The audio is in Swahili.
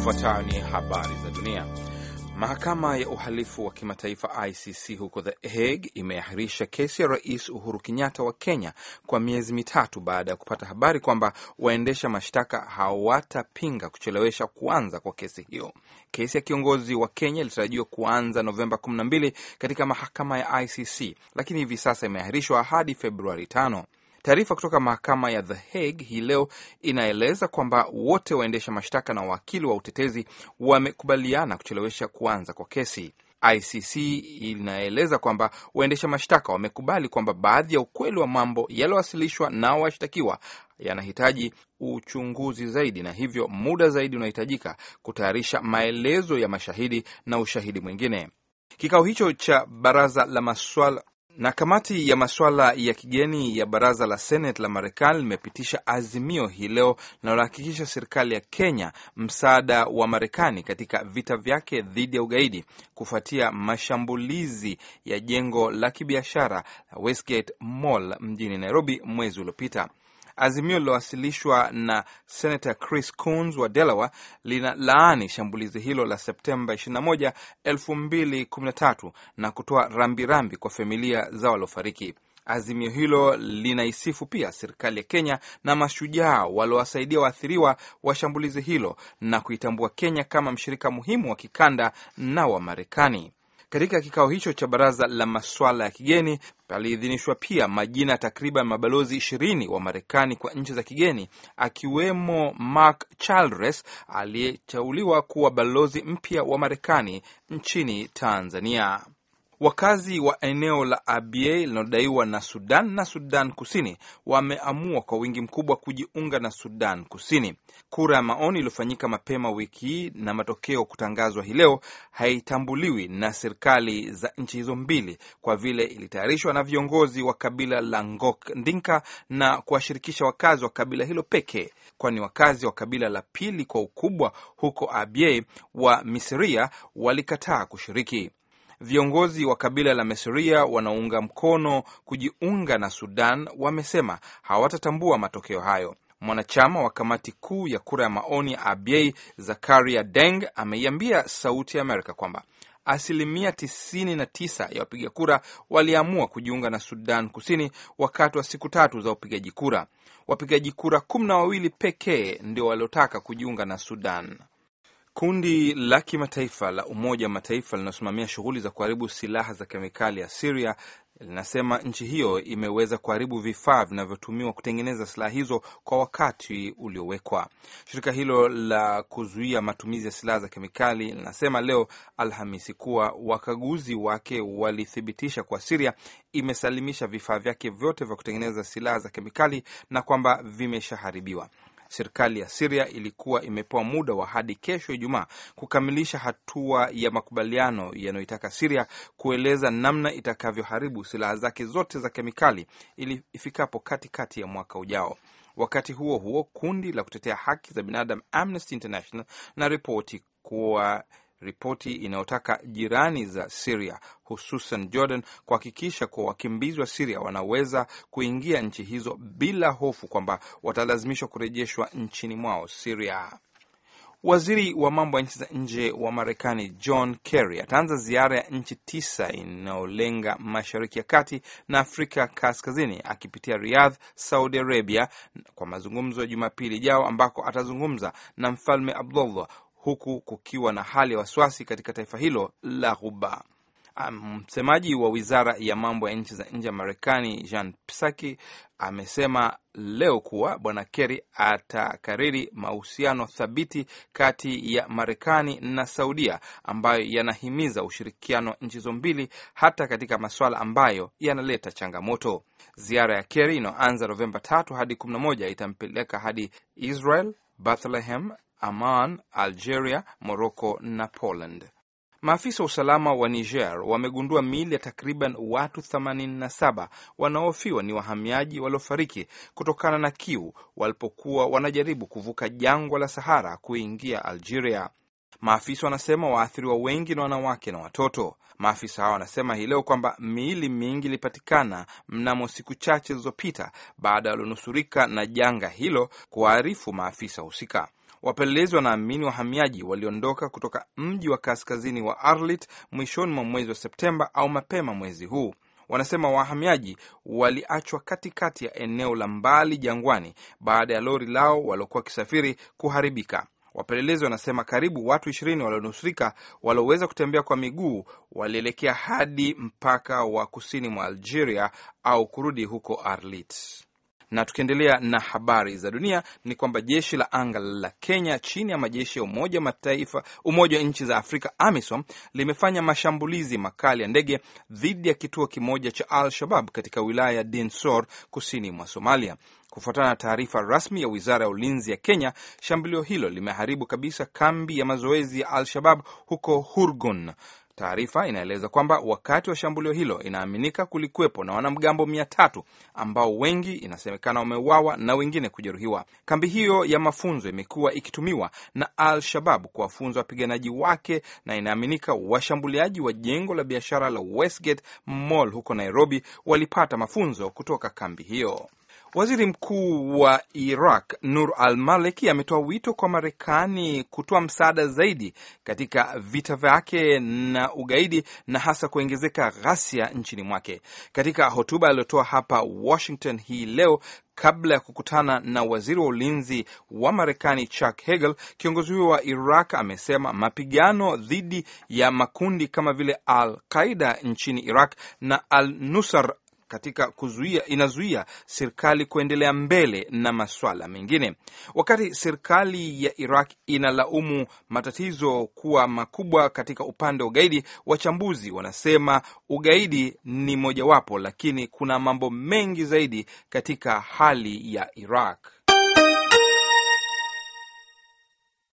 Zifuatayo ni habari za dunia. Mahakama ya uhalifu wa kimataifa ICC huko The Hague imeahirisha kesi ya Rais Uhuru Kenyatta wa Kenya kwa miezi mitatu baada ya kupata habari kwamba waendesha mashtaka hawatapinga kuchelewesha kuanza kwa kesi hiyo. Kesi ya kiongozi wa Kenya ilitarajiwa kuanza Novemba 12 katika mahakama ya ICC, lakini hivi sasa imeahirishwa hadi Februari tano Taarifa kutoka mahakama ya The Hague hii leo inaeleza kwamba wote waendesha mashtaka na wakili wa utetezi wamekubaliana kuchelewesha kuanza kwa kesi. ICC inaeleza kwamba waendesha mashtaka wamekubali kwamba baadhi ya ukweli wa mambo yaliyowasilishwa na washtakiwa yanahitaji uchunguzi zaidi na hivyo muda zaidi unahitajika kutayarisha maelezo ya mashahidi na ushahidi mwingine. Kikao hicho cha baraza la maswala na kamati ya masuala ya kigeni ya baraza la Seneti la Marekani limepitisha azimio hii leo linalohakikisha serikali ya Kenya msaada wa Marekani katika vita vyake dhidi ya ugaidi kufuatia mashambulizi ya jengo la kibiashara la Westgate Mall mjini Nairobi mwezi uliopita. Azimio lilowasilishwa na Senator Chris Coons wa Delaware lina laani shambulizi hilo la Septemba 21, 2013 na kutoa rambirambi kwa familia za waliofariki. Azimio hilo linaisifu pia serikali ya Kenya na mashujaa waliowasaidia waathiriwa wa shambulizi hilo na kuitambua Kenya kama mshirika muhimu wa kikanda na wa Marekani. Katika kikao hicho cha baraza la maswala ya kigeni paliidhinishwa pia majina takriban mabalozi ishirini wa Marekani kwa nchi za kigeni, akiwemo Mark Childress aliyeteuliwa kuwa balozi mpya wa Marekani nchini Tanzania. Wakazi wa eneo la Abyei linalodaiwa na Sudan na Sudan Kusini wameamua kwa wingi mkubwa kujiunga na Sudan Kusini. Kura ya maoni iliyofanyika mapema wiki hii na matokeo kutangazwa hii leo haitambuliwi na serikali za nchi hizo mbili kwa vile ilitayarishwa na viongozi wa kabila la Ngok Ndinka na kuwashirikisha wakazi wa kabila hilo pekee, kwani wakazi wa kabila la pili kwa ukubwa huko Abyei wa Misiria walikataa kushiriki. Viongozi wa kabila la Mesuria wanaunga mkono kujiunga na Sudan wamesema hawatatambua matokeo hayo. Mwanachama wa kamati kuu ya kura ya maoni ya Abiy Zakaria Deng ameiambia Sauti ya Amerika kwamba asilimia 99 ya wapiga kura waliamua kujiunga na Sudan Kusini wakati wa siku tatu za upigaji kura. Wapigaji kura kumi na wawili pekee ndio waliotaka kujiunga na Sudan. Kundi la kimataifa la Umoja wa Mataifa linaosimamia shughuli za kuharibu silaha za kemikali ya Siria linasema nchi hiyo imeweza kuharibu vifaa vinavyotumiwa kutengeneza silaha hizo kwa wakati uliowekwa. Shirika hilo la kuzuia matumizi ya silaha za kemikali linasema leo Alhamisi kuwa wakaguzi wake walithibitisha kuwa Siria imesalimisha vifaa vyake vyote vya kutengeneza silaha za kemikali na kwamba vimeshaharibiwa. Serikali ya Siria ilikuwa imepewa muda wa hadi kesho Ijumaa kukamilisha hatua ya makubaliano yanayoitaka Siria kueleza namna itakavyoharibu silaha zake zote za kemikali ili ifikapo katikati ya mwaka ujao. Wakati huo huo, kundi la kutetea haki za binadamu Amnesty International na ripoti kuwa ripoti inayotaka jirani za Siria hususan Jordan kuhakikisha kuwa wakimbizi wa Siria wanaweza kuingia nchi hizo bila hofu kwamba watalazimishwa kurejeshwa nchini mwao Siria. Waziri wa mambo ya nchi za nje wa Marekani John Kerry ataanza ziara ya nchi tisa inayolenga Mashariki ya Kati na Afrika Kaskazini, akipitia Riyadh, Saudi Arabia, kwa mazungumzo ya Jumapili ijao ambako atazungumza na Mfalme Abdullah huku kukiwa na hali ya wasiwasi katika taifa hilo la Ghuba. Msemaji um, wa wizara ya mambo ya nchi za nje ya Marekani Jean Psaki amesema leo kuwa bwana Kerry atakariri mahusiano thabiti kati ya Marekani na Saudia ambayo yanahimiza ushirikiano nchi hizo mbili hata katika masuala ambayo yanaleta changamoto. Ziara ya Kerry inayoanza Novemba tatu hadi kumi na moja itampeleka hadi Israel, Bethlehem, Amman, Algeria, Morocco na Poland. Maafisa wa usalama wa Niger wamegundua miili ya takriban watu 87 wanaofiwa ni wahamiaji waliofariki kutokana na kiu walipokuwa wanajaribu kuvuka jangwa la Sahara kuingia Algeria. Maafisa wanasema waathiriwa wengi na wanawake na watoto. Maafisa hao wanasema hii leo kwamba miili mingi ilipatikana mnamo siku chache zilizopita baada ya walionusurika na janga hilo kuwaarifu maafisa husika. Wapelelezi wanaamini wahamiaji waliondoka kutoka mji wa kaskazini wa Arlit mwishoni mwa mwezi wa Septemba au mapema mwezi huu. Wanasema wahamiaji waliachwa katikati ya eneo la mbali jangwani baada ya lori lao waliokuwa wakisafiri kuharibika. Wapelelezi wanasema karibu watu ishirini walionusurika walioweza kutembea kwa miguu walielekea hadi mpaka wa kusini mwa Algeria au kurudi huko Arlit. Na tukiendelea na habari za dunia ni kwamba jeshi la anga la Kenya chini ya majeshi ya Umoja wa Mataifa, Umoja wa Nchi za Afrika, AMISOM, limefanya mashambulizi makali ya ndege dhidi ya kituo kimoja cha Al-Shabab katika wilaya ya Densor kusini mwa Somalia. Kufuatana na taarifa rasmi ya wizara ya ulinzi ya Kenya, shambulio hilo limeharibu kabisa kambi ya mazoezi ya Al-Shabab huko Hurgun. Taarifa inaeleza kwamba wakati wa shambulio hilo inaaminika kulikuwepo na wanamgambo mia tatu ambao wengi inasemekana wameuawa na wengine kujeruhiwa. Kambi hiyo ya mafunzo imekuwa ikitumiwa na Al Shabab kuwafunza wapiganaji wake, na inaaminika washambuliaji wa jengo la biashara la Westgate Mall huko Nairobi walipata mafunzo kutoka kambi hiyo. Waziri mkuu wa Iraq Nur al Maliki ametoa wito kwa Marekani kutoa msaada zaidi katika vita vyake na ugaidi na hasa kuongezeka ghasia nchini mwake. Katika hotuba aliyotoa hapa Washington hii leo kabla ya kukutana na waziri wa ulinzi wa Marekani Chuck Hagel, kiongozi huyo wa Iraq amesema mapigano dhidi ya makundi kama vile Al Qaida nchini Iraq na Al Nusar katika kuzuia, inazuia serikali kuendelea mbele na maswala mengine. Wakati serikali ya Iraq inalaumu matatizo kuwa makubwa katika upande wa ugaidi, wachambuzi wanasema ugaidi ni mojawapo, lakini kuna mambo mengi zaidi katika hali ya Iraq.